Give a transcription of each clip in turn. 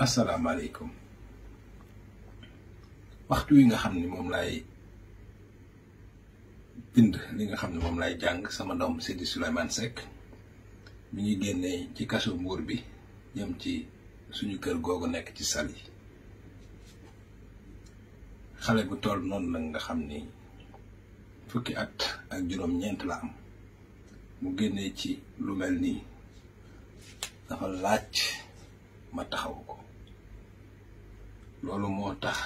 asalaamaaleykum waxtu wi nga xam ni moom laay bind li nga xam ne moom laay jàng sama doom Sidi Souleymane Seck mi ngi génnee ci kaso mbuur bi jëm ci suñu kër googu nekk ci Saly xale bu tool noonu nag nga xam ni fukki at ak juróom-ñeent la am mu génnee ci lu mel nii dafa laaj ma taxaw ko loolu moo tax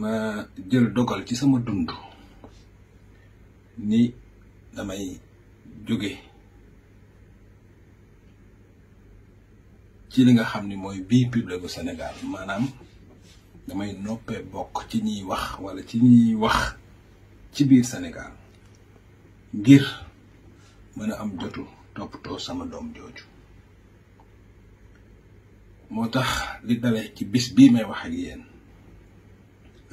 ma jël dogal ci sama dund ni damay jóge ci li nga xam ni mooy bii public bu Sénégal maanaam damay noppee bokk ci ñuy wax walla ci ñuy wax ci biir Sénégal ngir mën a am jotu toppatoo sama doom jooju moo tax li dalee ci bis bii may wax ak yéen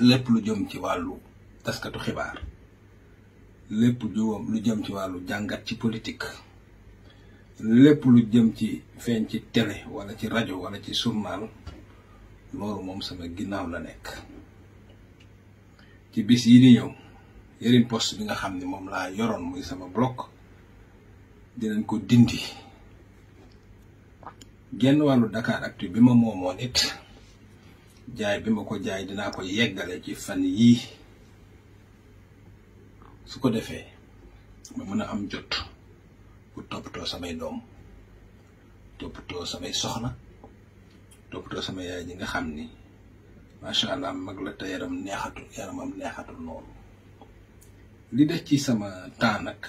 lépp lu jëm ci wàllu taskatu xibaar lépp juwam lu jëm ci wàllu jàngat ci politique lépp lu jëm ci feeñ ci télé wala ci rajo wala ci journal loolu moom sama ginnaaw la nekk ci bis yi di ñëw yeneen poste bi nga xam ni moom laa yoroon muy sama bloc dinañ ko dindi genn wàllu Dakaractu bi ma moomoon it jaay bi ma ko jaay dinaa ko yeggale ci fan yii su ko defee ma mën a am jot pour toppatoo samay doom toppatoo samay soxna toppatoo sama yaay ji nga xam ni macha allah mag la te yaram neexatul yaramam neexatul noonu li def ci sama temps nag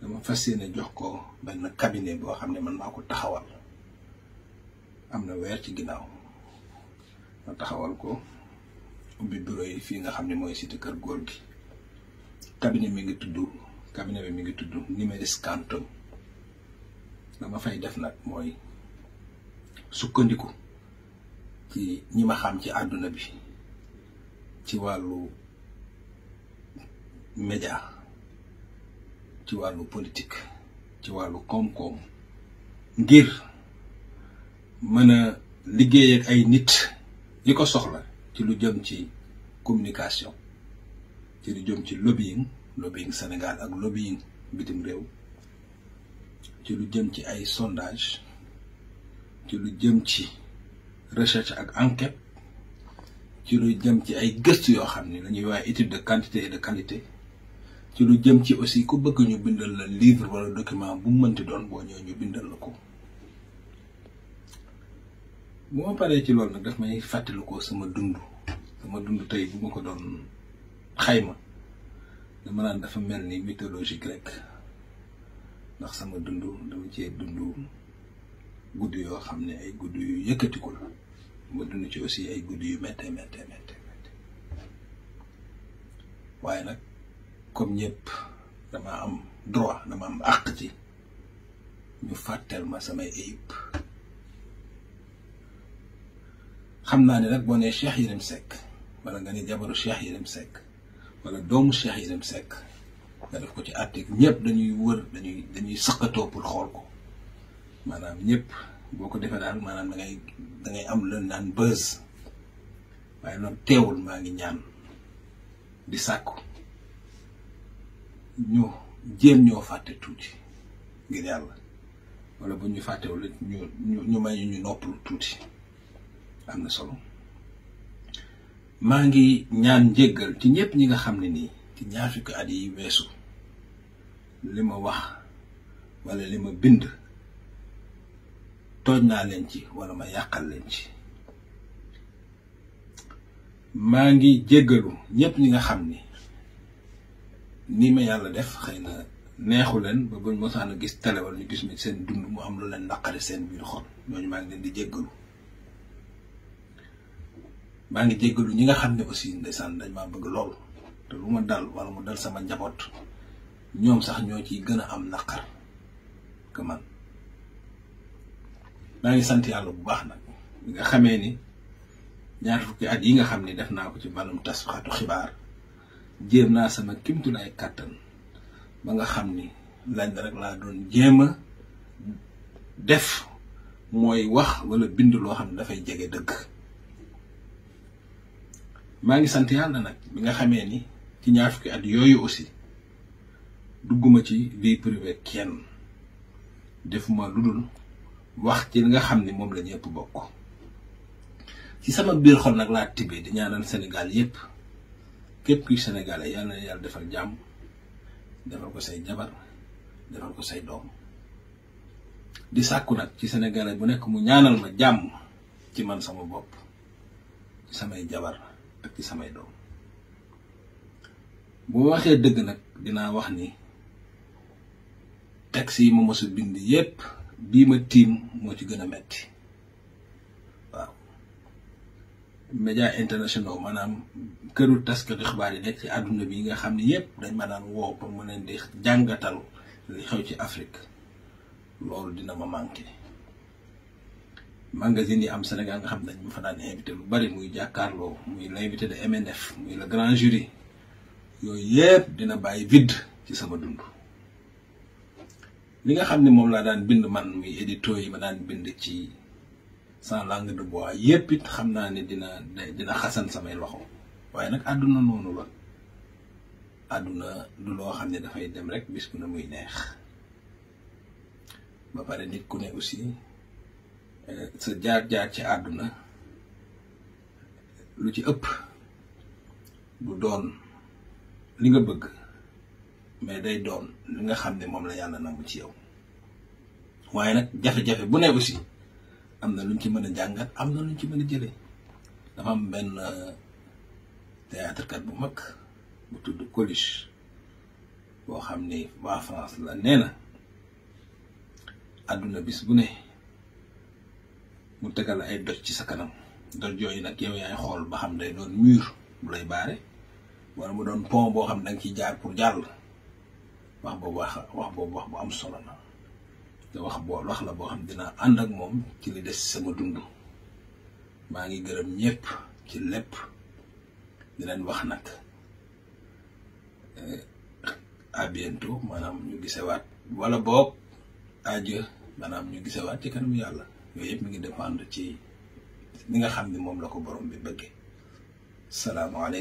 dama fas yéene jox ko benn cabinet boo xam ne man maa ko taxawal. am na weer ci ginnaaw ma taxawal ko ubbi bureau yi fii nga xam ne mooy cité kër góor gi cabinet mi ngi tudd cabinet bi mi ngi tudd numéris canton dama fay def nag mooy sukkandiku ci ñi ma xam ci àdduna bi ci wàllu média ci wàllu politik ci wàllu koom-koom ngir mën a liggéey ak ay nit yi ko soxla ci lu jëm ci communication ci lu jëm ci lobbying lobbying Sénégal ak lobbying bitim réew ci lu jëm ci ay sondage ci lu jëm ci recherche ak enquête ci lu jëm ci ay gëstu yoo xam ne lañuy waaye étude de quantité et de qualité ci lu jëm ci aussi ku bëgg ñu bindal la livre wala document bu mu mënti doon boo ñëw ñu bindal la ko bu ma paree ci loolu nag daf may fàttali ko sama dund sama dund tey bu ma ko doon xayma dama naan dafa mel ni mythologie grecque ndax sama dund dama cee dund gudd yoo xam ne ay gudd yu yëkkatiku la ma dund ci aussi ay gudd yu méttee méttee méttee waaye nag comme ñëpp dama am droit dama am àq ci ñu fàtteel ma samay ayib xam naa ne nag boo ne Cheikh Yérim Seck wala nga ne jabaru Cheikh Yérim Seck wala doomu Cheikh Yérim Seck nga def ko ci article ñëpp dañuy wër dañuy dañuy saqatoo pour xool ko maanaam ñëpp boo ko defee daal maanaam da ngay da ngay am lan naan buzz waaye loolu teewul maa ngi ñaan di sàkku ñu jéem ñoo fàtte tuuti ngir yàlla wala bu ñu fàttewul ñu ñu may ñu nopplu tuuti am na solo maa ngi ñaan njéggal ci ñépp ñi nga xam ne nii ci ñaar fukki at yi weesu li ma wax walla li ma bind tooj naa leen ci wala ma yàqal leen ci maa ngi jéggalu ñépp ñi nga xam ni ni ma yàlla def xëy na neexu leen ba buñ mosaan a gis télé wala ñu gis mi seen dund mu am lu leen naqari seen biir xol ñooñu maa ngi leen di jéggalu maa ngi jéggalu ñi nga xam ne aussi ndeysaan dañ maa bëgg lool te lu ma dal wala mu dal sama njaboot ñoom sax ñoo ci gën a am naqar que man maa ngi sant yàlla bu baax nag nga xamee ni ñaar fukki at yi nga xam ni def naa ko ci mbalum tasxatu xibaar jéem naa sama kimtulaay kàttan ba nga xam ni lañ rek laa doon jéem a def mooy wax wala bind loo xam ne dafay jege dëgg maa ngi sant yàlla nag bi nga xamee ni ci ñaar fukki at yooyu aussi dugguma ci vie privée kenn defuma lu dul wax ci li nga xam ni moom la ñëpp bokk ci sama biir xol nag laa tibbee di ñaanal Sénégal yëpp képp kuy sénégalais yal na yàlla defal jàmm defal ko say jabar defal ko say doom di sàkku nag ci sénégalais bu nekk mu ñaanal ma jàmm ci man sama bopp ci samay jabar ak ci samay doom boo waxee dëgg nag dinaa wax ni texte yi ma mos a bind yépp bii ma tiim moo ci gën a metti waaw média international maanaam këru taskatu xibaar yi ci àdduna bi nga xam ne yépp dañ ma daan woo pour mën leen di jàngatal li xew ci Afrique loolu dina ma manqué magazine yi am Sénégal nga xam dañ ma fa daan invité lu bari muy jàkkaarloo muy l'invité de MNF muy la grand jury yooyu yëpp dina bàyyi vide ci sama dund li nga xam ne moom laa daan bind man muy édito yi ma daan bind ci sans langue de bois yëpp it xam naa ne dina dina xasan samay loxo waaye nag àdduna noonu la àdduna du loo xam ne dafay dem rek bis na muy neex ba pare nit ku ne aussi sa jaar-jaar ci àdduna lu ci ëpp du doon li nga bëgg mais day doon li nga xam ne moom la yàlla nangu ci yow waaye nag jafe-jafe bu ne aussi am na luñ ci mën a jàngat am na luñ ci mën a jëlee dafa am benn euh, théâtre kat bu mag bu tudd Coluche boo xam ni waa France la nee na àdduna bis bu ne mu tegal ay doj ci sa kanam doj yooyu nag yow yaay xool ba xam day doon mur bu lay baare wala mu doon pont boo xam ne da nga jaar pour jàll wax boobu wax wax bu am solo la te wax boo wax la boo xam dinaa ànd ak moom ci li des sama dund maa ngi gërëm ñëpp ci lépp di wax nag eh, à bientôt maanaam ñu gisewaat wala boog adieu maanaam ñu gisewaat ci kanam yàlla yooyu yëpp mi ngi dépendre ci li nga xam ni moom la ko borom bi bëggee salaamaaleykum